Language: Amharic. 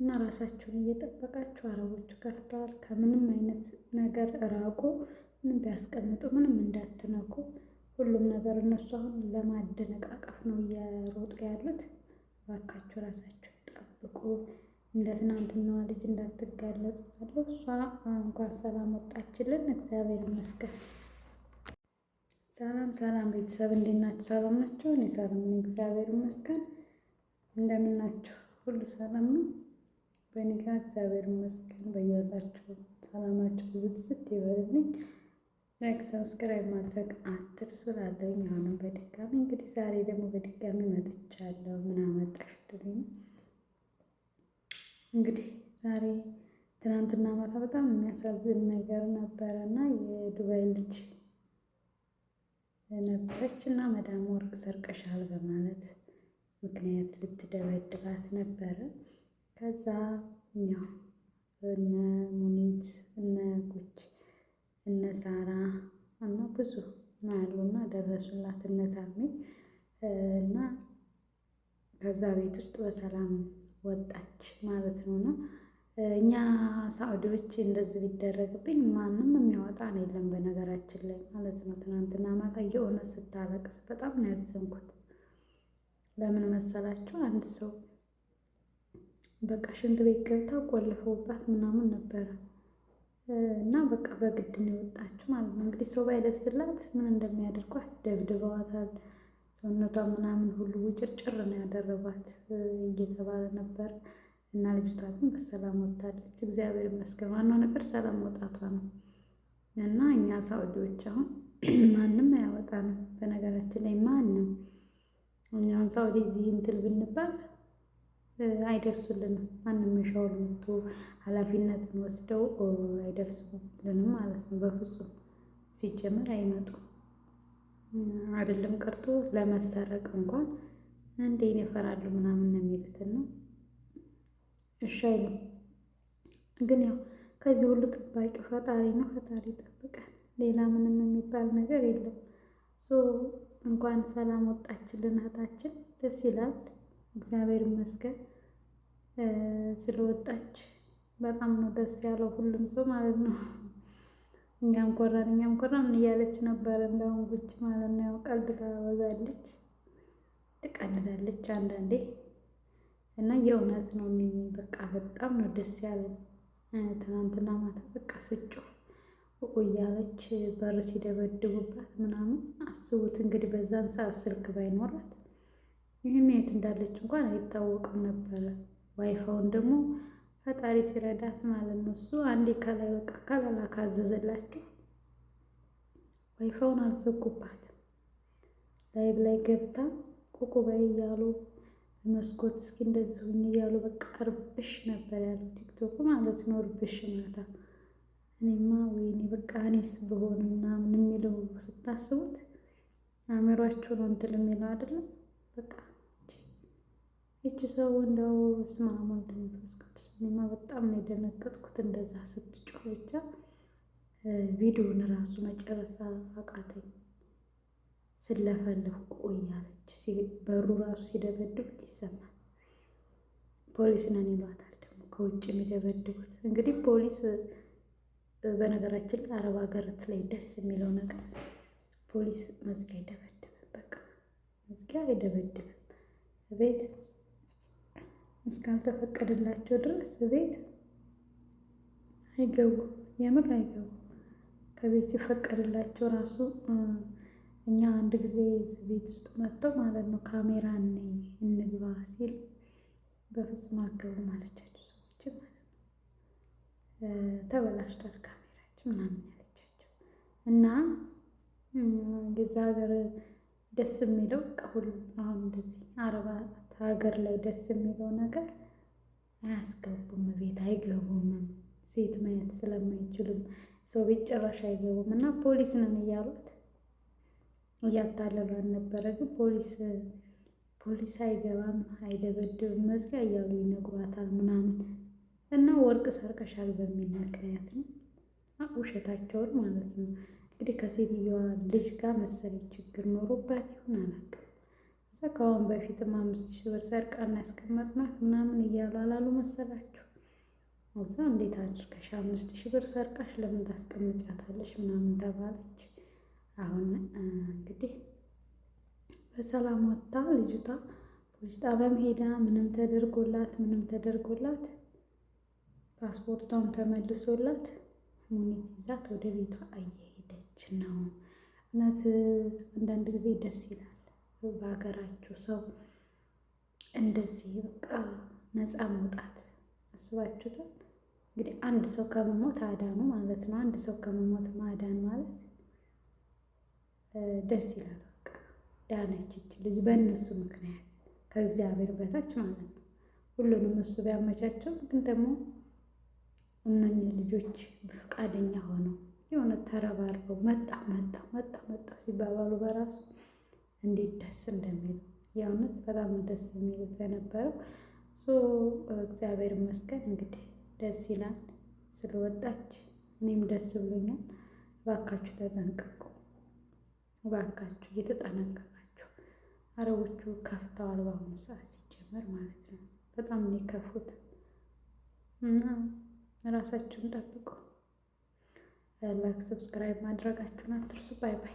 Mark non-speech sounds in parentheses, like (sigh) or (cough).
እና ራሳችሁን እየጠበቃችሁ አረቦቹ ከፍተዋል። ከምንም አይነት ነገር ራቁ። ምንም ቢያስቀምጡ ምንም እንዳትነኩ። ሁሉም ነገር እነሱ አሁን ለማደነቃቀፍ ነው እየሮጡ ያሉት። እባካችሁ ራሳችሁ ጠብቁ። እንደ ትናንትናዋ ልጅ እንዳትጋለጡ አለው። እሷ እንኳን ሰላም ወጣችልን፣ እግዚአብሔር ይመስገን። ሰላም ሰላም ቤተሰብ፣ እንዴት ናችሁ? ሰላም ናችሁ? እኔ ሰላም ነኝ፣ እግዚአብሔር ይመስገን። እንደምን ሁሉ ሰላም ነው። በእኔ ጋር እግዚአብሔር ይመስገን። በያላችሁ ሰላማችሁ ብዙ ትስት ይበልልኝ። ላይክ ሰብስክራይብ ማድረግ አትርሱ። ላለኝ አሁንም በድጋሚ እንግዲህ ዛሬ ደግሞ በድጋሚ መጥቻለሁ። ምን አመጣሽ ትሉኝ እንግዲህ ዛሬ ትናንትና ማታ በጣም የሚያሳዝን ነገር ነበረ እና የዱባይ ልጅ ነበረች እና መዳም ወርቅ ሰርቀሻል በማለት ምክንያት ልትደበድባት ነበረ። ከዛ ያው እነ ሙኒት እነ ጉች እነ ሳራ እና ብዙ አሉና ደረሱላት እነ ታሜ እና ከዛ ቤት ውስጥ በሰላም ወጣች ማለት ነው እና እኛ ሳዑዲዎች እንደዚህ ቢደረግብኝ ማንም ነው የለም፣ በነገራችን ላይ ማለት ነው። ትናንትና ማታ የሆነ ስታለቅስ በጣም ነው ያዘንኩት። ለምን መሰላችሁ? አንድ ሰው በቃ ሽንት ቤት ገብታ ቆልፈውባት ምናምን ነበረ እና በቃ በግድ ነው የወጣችው ማለት ነው። እንግዲህ ሰው ባይደርስላት ምን እንደሚያደርጓት ደብድበዋታል። ሰውነቷ ምናምን ሁሉ ውጭርጭር ነው ያደረጓት እየተባለ ነበር እና ልጅቷ ግን በሰላም ወጥታለች፣ እግዚአብሔር ይመስገን። ዋናው ነገር ሰላም መውጣቷ ነው። እና እኛ ሳውዲዎች አሁን (clears throat) ማንም አያወጣንም። በነገራችን ላይ ማንም እኛውን ሳውዲ እዚህ እንትን ብንባል አይደርሱልንም። ማንም የሻውል መጥቶ ኃላፊነትን ወስደው አይደርሱልንም ማለት ነው። በፍጹም ሲጀመር አይመጡም። አይደለም ቀርቶ ለመሰረቅ እንኳን እንዴን ይፈራሉ ምናምን ነው የሚሉትን ነው። እሺ አይሉም። ግን ያው ከዚህ ሁሉ ጠባቂ ፈጣሪ ነው። ፈጣሪ ይጠብቃል። ሌላ ምንም የሚባል ነገር የለም። እንኳን ሰላም ወጣችልን እህታችን፣ ደስ ይላል። እግዚአብሔር ይመስገን ስለወጣች በጣም ነው ደስ ያለው ሁሉም ሰው ማለት ነው። እኛም ኮራን እኛም ኮራን እያለች ነበረ። እንደውም ጉች ማለት ነው ያው ቀልድ ታበዛለች፣ ትቀልዳለች አንዳንዴ እና የእውነት ነው በቃ በጣም ነው ደስ ያለኝ። ትናንትና ማታ በቃ ስጮህ እያለች በር ሲደበድቡባት ምናምን አስቡት እንግዲህ በዛን ሰዓት ስልክ ባይኖራት ይህን የት እንዳለች እንኳን አይታወቅም ነበረ። ዋይፋውን ደግሞ ፈጣሪ ሲረዳት ማለት ነው። እሱ አንዴ ከላይ በቃ ከላላ ካዘዘላቸው ዋይፋውን አዘጉባት። ላይብ ላይ ገብታ ቁቁባይ እያሉ መስኮት እስኪ እንደዚሁ እያሉ በቃ እርብሽ ነበር ያለው ቲክቶክ ማለት ነው። እርብሽ ማታ እኔማ ወይኔ በቃ እኔስ ብሆን ምናምን የሚለው ስታስቡት አእምሯችሁ ነው እንትን የሚለው አይደለም በቃ እቺ ሰው እንደው ስማ ወልድ መንፈስ ቅዱስ እኔማ በጣም ነው የደነገጥኩት። እንደዛ ስትጮህ ብቻ ቪዲዮውን ራሱ መጨረሻ አቃተኝ። ስለፈለኩ ቆያለች። በሩ ራሱ ሲደበድቡት ይሰማል። ፖሊስ ነን ይሏታል ደግሞ ከውጭ የሚደበድቡት እንግዲህ ፖሊስ። በነገራችን ላይ አረብ ሀገራት ላይ ደስ የሚለው ነገር ፖሊስ መዝጊያ አይደበድብም። በቃ መዝጊያ አይደበድብም ቤት እስካልተፈቀደላቸው ድረስ ቤት አይገቡም። የምር አይገቡም። ከቤት ሲፈቀድላቸው ራሱ እኛ አንድ ጊዜ ቤት ውስጥ መጥተው ማለት ነው ካሜራ እንግባ ሲል በፍጹም አገቡ አለቻቸው። ሰዎች ማለት ተበላሽቷል ካሜራችን ምናምን ያለቻቸው እና የዛ ሀገር ደስ የሚለው ከሁሉ አሁን እንደዚህ አረባ ሀገር ላይ ደስ የሚለው ነገር አያስገቡም፣ ቤት አይገቡም፣ ሴት ማየት ስለማይችሉም ሰው ቤት ጭራሽ አይገቡም። እና ፖሊስ ነን እያሉት እያታለሏን ነበረ። ግን ፖሊስ ፖሊስ አይገባም፣ አይደበድብም፣ መዝጊያ እያሉ ይነግሯታል ምናምን እና ወርቅ ሰርቀሻል በሚል ምክንያት ነው ውሸታቸውን ማለት ነው። እንግዲህ ከሴትዮዋ ልጅ ጋር መሰለኝ ችግር ኖሮባት ይሁን አላውቅም። እዛ ከአሁን በፊትም አምስት ሺህ ብር ሰርቃና ያስቀመጥናት ምናምን እያሉ አላሉ መሰላችሁ? እዛ እንዴት አድርገሽ አምስት ሺህ ብር ሰርቃሽ ለምን ታስቀምጫታለሽ ምናምን ተባለች። አሁን እንግዲህ በሰላም ወጥታ ልጅቷ ፖሊስ ጣቢያም ሄዳ ምንም ተደርጎላት ምንም ተደርጎላት ፓስፖርቷም ተመልሶላት ሙኒት ይዛት ወደ ቤቷ አየ ባህላችን ነው። እውነት አንዳንድ ጊዜ ደስ ይላል። በሀገራችሁ ሰው እንደዚህ በቃ ነፃ መውጣት አስባችሁታል? እንግዲህ አንድ ሰው ከመሞት አዳኑ ማለት ነው። አንድ ሰው ከመሞት ማዳን ማለት ደስ ይላል። በቃ ዳነች ልጅ በእነሱ ምክንያት ከእግዚአብሔር በታች ማለት ነው። ሁሉንም እሱ ቢያመቻቸው ግን ደግሞ እነኚህ ልጆች ፈቃደኛ ሆነው ተረባርበው መጣ መጣ መጣ መጣ ሲባባሉ በራሱ እንዴት ደስ እንደሚል የእውነት በጣም ደስ የሚል የነበረው ሶ እግዚአብሔር ይመስገን። እንግዲህ ደስ ይላል ስለወጣች፣ እኔም ደስ ብሎኛል። እባካችሁ ተጠንቀቁ፣ እባካችሁ እየተጠነቀቃችሁ። አረቦቹ ከፍተዋል በአሁኑ ሰዓት ሲጀመር ማለት ነው። በጣም ነው የከፉት እና ራሳችሁን ጠብቁ። ላይክ፣ ሰብስክራይብ ማድረጋችሁን አትርሱ። ባይ ባይ።